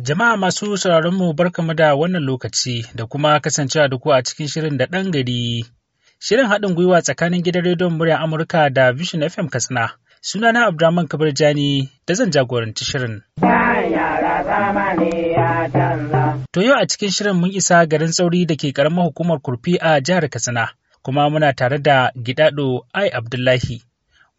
Jama'a masu sauraron mu barkamu da wannan lokaci da kuma kasancewa da ku a cikin shirin da ɗan gari. Shirin haɗin gwiwa tsakanin gidan rediyon murya Amurka da Vision FM Katsina. Sunana Abdulrahman Kabir Jani da zan jagoranci shirin. To yau a cikin shirin mun isa garin tsauri da ke karamar hukumar kurfi a jihar Katsina, kuma muna tare da Gidado Ai Abdullahi.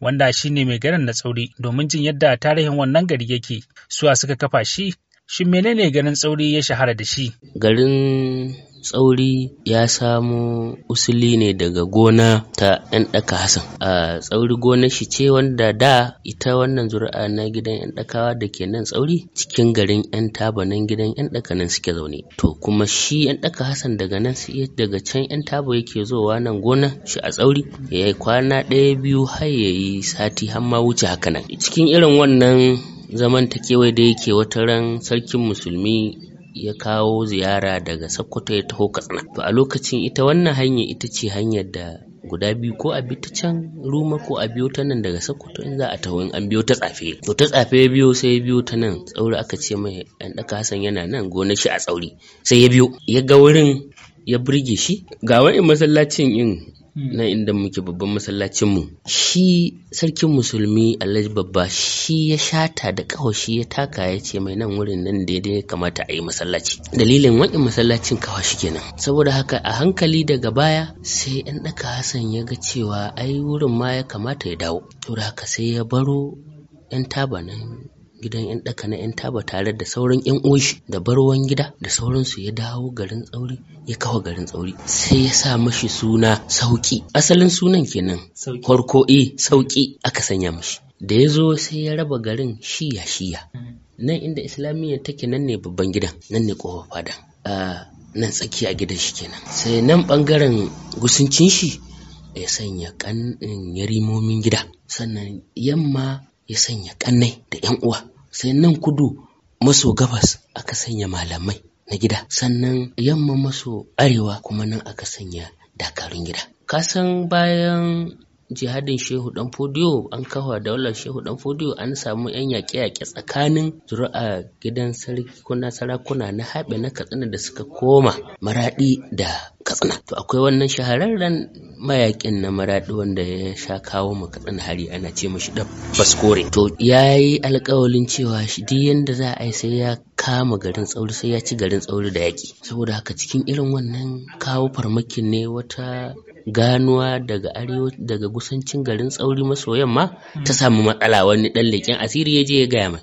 wanda shi ne mai garin na tsauri domin jin yadda tarihin wannan gari yake suwa suka kafa shi Shin menene garin tsauri ya shahara da shi? Garin tsauri ya samo usuli ne daga gona ta yan ɗaka Hassan. A tsauri gonar shi ce wanda da ita wannan zuri'a na gidan yan ɗakawa da ke nan tsauri cikin garin yan taba nan gidan yan ɗaka nan suke zaune. To kuma shi yan ɗaka Hassan daga nan daga can yan taba yake zowa nan gona shi a tsauri ya yi kwana ɗaya biyu har ya yi sati har ma wuce haka nan. Cikin irin wannan zamantakewa da yake wata ran sarkin musulmi ya kawo ziyara daga Sokoto ya taho Katsina. To a lokacin ita wannan hanya ita ce hanyar da guda biyu ko a bi ta can Ruma ko a biyo ta nan daga Sokoto in za a taho in an biyo ta tsafe. To ta tsafe ya biyo sai ya biyo ta nan tsauri aka ce mai 'yan ɗaka Hassan yana nan gona shi a tsauri sai ya biyo ya ga wurin ya burge shi ga wani masallacin in Hmm. nan inda muke babban masallacin mu shi sarkin musulmi alhaji babba shi ya shata da kawashi ya taka ya ce mai nan wurin nan da ya kamata a yi masallaci dalilin wani masallacin kawashi kenan saboda haka a hankali daga baya sai yan daka hassan ya ga cewa ai wurin ma ya kamata ya dawo to haka sai ya baro yan nan. gidan yan ɗaka na yan taba tare da sauran yan uwanshi da barwan gida da sauransu ya dawo garin tsauri ya kawo garin tsauri sai ya sa mashi suna sauki asalin sunan kenan farko sauƙi, eh, sauki aka sanya mashi da ya zo sai ya raba garin shiya shiya nan inda islamiyya take nan ne babban gidan nan ne kofa fada nan tsakiya gidan shi kenan sai nan bangaren gusuncin shi ya sanya kan yarimomin gida sannan yamma ya sanya kannai da yan uwa sai nan kudu maso gabas aka sanya malamai na gida sannan yamma maso arewa kuma nan aka sanya dakarun gida kasan bayan jihadin shehu dan fodiyo an kafa daular shehu dan fodiyo an samu yan yaƙe-yaƙe tsakanin zuri'a gidan sarki sarakuna sarakuna na haɓe na katsina da suka koma maraɗi da katsina to akwai wannan shahararren mayakin na maraɗi wanda ya sha kawo mu katsina hari ana ce mashi da baskore to ya yi alkawalin cewa shi duk yanda za a yi sai ya kama garin tsauri sai ya ci garin tsauri da yaki saboda haka cikin irin wannan kawo farmakin ne wata ganuwa daga arewa daga gusancin garin tsauri maso yamma ta samu matsala wani ɗan leƙen asiri ya je ya gaya mai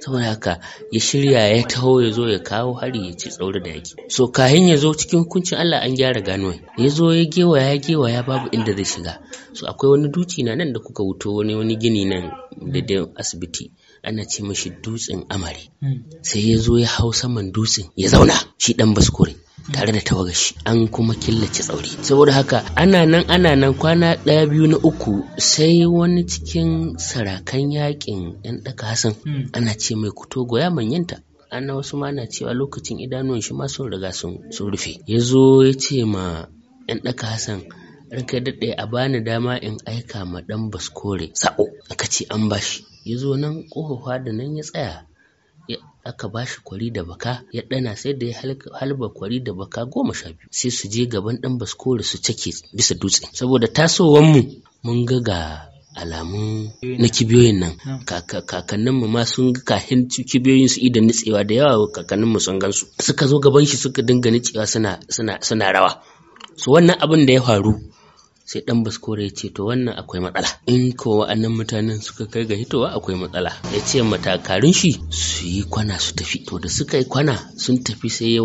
saboda haka ya shirya ya taho ya zo ya kawo hari ya ci tsauri da yaki so kahin ya zo cikin hukuncin Allah an gyara ganuwa ya zo ya gewa ya gewa ya babu inda zai shiga so akwai wani duci na nan da kuka wuto wani wani gini nan da da asibiti ana ce mashi dutsen amare hmm. sai ya zo ya hau saman dutsen ya zauna shi dan baskure tare da tawagashi an kuma killace tsauri saboda haka ana nan ana nan kwana ɗaya biyu na uku sai wani cikin sarakan yakin yan ɗaka hasan hmm. ana ce mai kuto ya manyanta ana wasu ma na cewa lokacin idanuwan shi ma sun riga sun rufe ya zo ya ce ma yan ɗaka hasan ranka daɗe a bani dama in aika ma ɗan baskore sa'o aka ce an bashi ya zo nan ƙofa da nan ya tsaya aka ba shi kwari da baka ya dana sai da ya halba kwari da baka goma sha biyu sai su je gaban ɗan baskore su cake bisa dutse saboda tasowar mu mun ga ga alamun na kibiyoyin nan kakannin mu ma sun ga kahin kibiyoyin su idan nitsewa da yawa kakannin mu sun gansu suka zo gaban shi suka dinga nitsewa suna suna rawa so wannan abin da ya faru sai dan baskore ya ce to wannan akwai matsala in ko wa'annan mutanen suka kai ga hitowa akwai matsala ya ce matakarin shi su yi kwana su tafi to da suka yi kwana sun tafi sai ya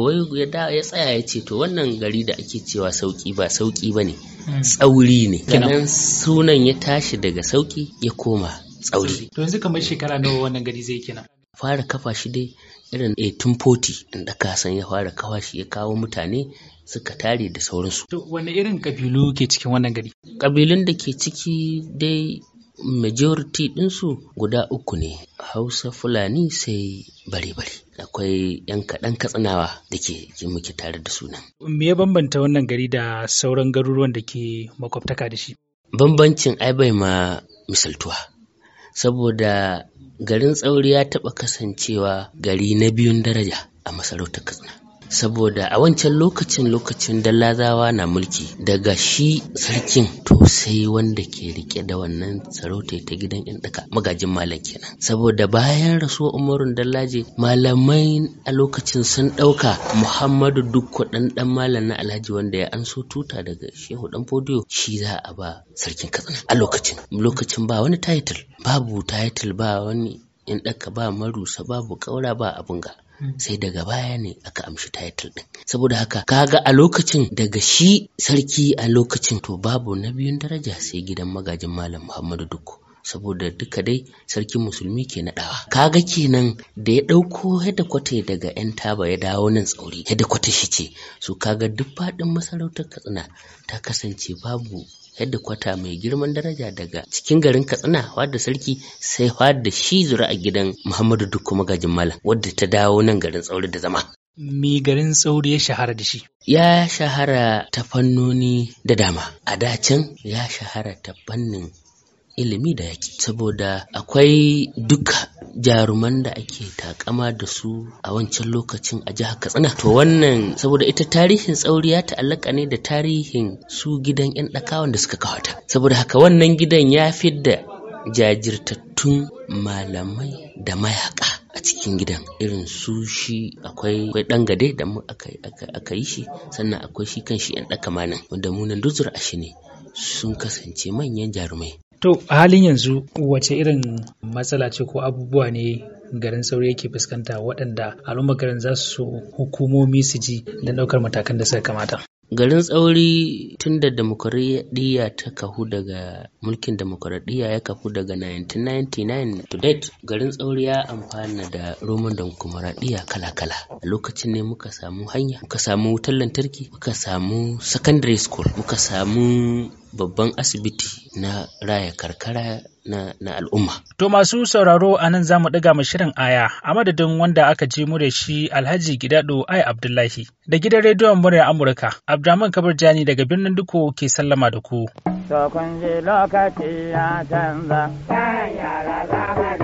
ya tsaya ya ce to wannan gari da ake cewa sauki ba sauki ba ne hmm. tsauri ne kenan sunan ya tashi daga sauki ya koma tsauri to yanzu kamar shekara nawa wannan gari zai kenan fara kafa shi dai irin 1840 eh, inda kasan ya fara kafa shi ya kawo mutane suka tare da sauransu. To wani irin kabilu ke cikin wannan gari? Kabilun da ke ciki dai majority ɗinsu guda uku ne hausa fulani sai bare-bare akwai 'yan kaɗan katsinawa da ke muke tare da suna. Me ya bambanta wannan gari da sauran garuruwan da ke makwabtaka da shi? Bambancin ai bai ma misaltuwa. saboda garin tsauri ya taɓa kasancewa gari na biyun daraja a masarautar katsina saboda a wancan lokacin lokacin dallazawa na mulki daga shi sarkin to sai wanda ke rike da wannan sarauta ta gidan yan daka magajin malam kenan saboda bayan rasuwar umarun dallaje malamai a lokacin sun dauka muhammadu duk dan dan malam na alhaji wanda ya anso tuta daga shehu dan fodiyo shi za a ba sarkin katsina a lokacin lokacin ba wani title babu title ba wani yan ɗaka ba marusa babu kaura ba abunga. ga sai daga baya ne aka amshi title din saboda haka kaga a lokacin daga shi sarki a lokacin to babu na biyun daraja sai gidan magajin malam Muhammadu Dukku saboda duka dai sarkin musulmi ke naɗawa kaga kenan da ya ɗauko kwata daga yan taba ya dawo nan tsauri kwata shi ce so kaga duk faɗin masarautar katsina ta kasance babu kwata mai girman daraja daga cikin garin katsina wadda sarki sai wadda shi zura a gidan muhammadu duk kuma gajin malam wadda ta dawo nan garin tsauri da zama mi garin tsauri ya shahara da shi ya shahara ta fannoni da dama a dacin ya shahara ta fannin ilimi da yaki saboda akwai duka jaruman da ake takama da su a wancan lokacin a jihar katsina to wannan saboda ita tarihin tsauri ya ta'allaka ne da tarihin su gidan yan ɗakawan da suka kawata saboda haka wannan gidan ya da jajirtattun malamai da mayaka a cikin gidan irin su shi akwai akwai dan da mu aka yi shi sannan akwai shi kan shi yan ɗaka manan wanda munan duzur a shi ne sun kasance manyan jarumai To, a halin yanzu wace irin matsala ce ko abubuwa ne garin sauri yake fuskanta waɗanda al'umma garin za su hukumomi su ji don ɗaukar matakan da suka kamata? garin tsauri tun da demokuraɗiyya ta kahu daga mulkin demokuraɗiyya ya kahu daga 1999 to date garin tsauri ya amfana da roman demokuraɗiyya kala-kala a lokacin ne muka samu hanya muka samu wutar lantarki muka samu secondary school muka samu babban asibiti na raya karkara na, na al'umma. To masu sauraro a nan za mu ɗiga mu shirin aya a madadin wanda aka ji mu da shi Alhaji Gidado Ai Abdullahi da gidan rediyon muryar Amurka Abdulrahman Kabir Jani daga birnin Duko ke sallama da ku. To ji lokaci ya canza. yara za